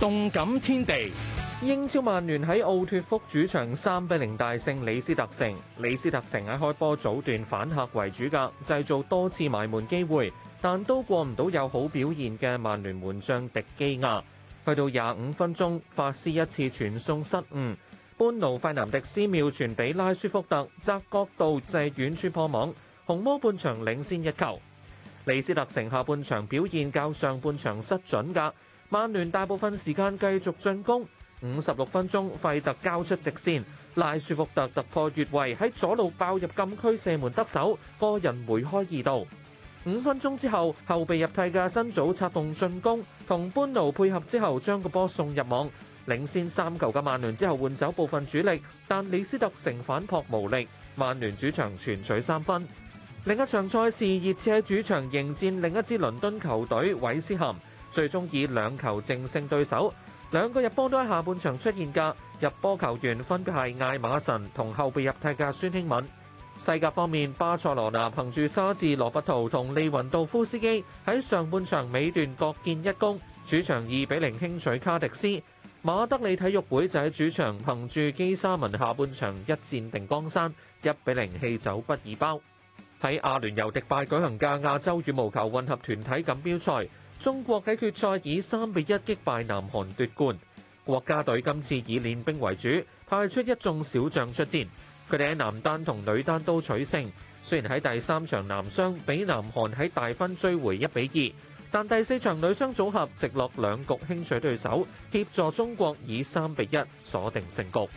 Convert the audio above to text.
動感天地，英超曼聯喺奧脫福主場三比零大勝李斯特城。李斯特城喺開波早段反客為主噶，製造多次埋門機會，但都過唔到有好表現嘅曼聯門將迪基亞。去到廿五分鐘，法斯一次傳送失誤，般奴費南迪斯妙傳俾拉舒福特，窄角度射遠柱破網，紅魔半場領先一球。李斯特城下半場表現較上半場失準噶。曼聯大部分時間繼續進攻，五十六分鐘費特交出直線，拉舒福特突破越位喺左路爆入禁區射門得手，個人梅開二度。五分鐘之後，後備入替嘅辛祖策動進攻，同般奴配合之後將個波送入網，領先三球嘅曼聯之後換走部分主力，但李斯特城反撲無力，曼聯主場全取三分。另一場賽事，熱刺喺主場迎戰另一支倫敦球隊韋斯咸。最終以兩球淨勝對手，兩個入波都喺下半場出現嘅入波球，球員分別係艾馬臣同後備入替嘅孫興敏。西甲方面，巴塞羅那憑住沙治羅伯圖同利雲道夫斯基喺上半場尾段各建一功，主場二比零輕取卡迪斯。馬德里體育會就喺主場憑住基沙文下半場一戰定江山，一比零氣走畢爾包。喺阿聯酋迪拜舉行嘅亞洲羽毛球混合團體錦標賽，中國喺決賽以三比一擊敗南韓奪冠。國家隊今次以練兵為主，派出一眾小將出戰，佢哋喺男單同女單都取勝。雖然喺第三場男雙俾南韓喺大分追回一比二，但第四場女雙組合直落兩局輕取對手，協助中國以三比一鎖定勝局。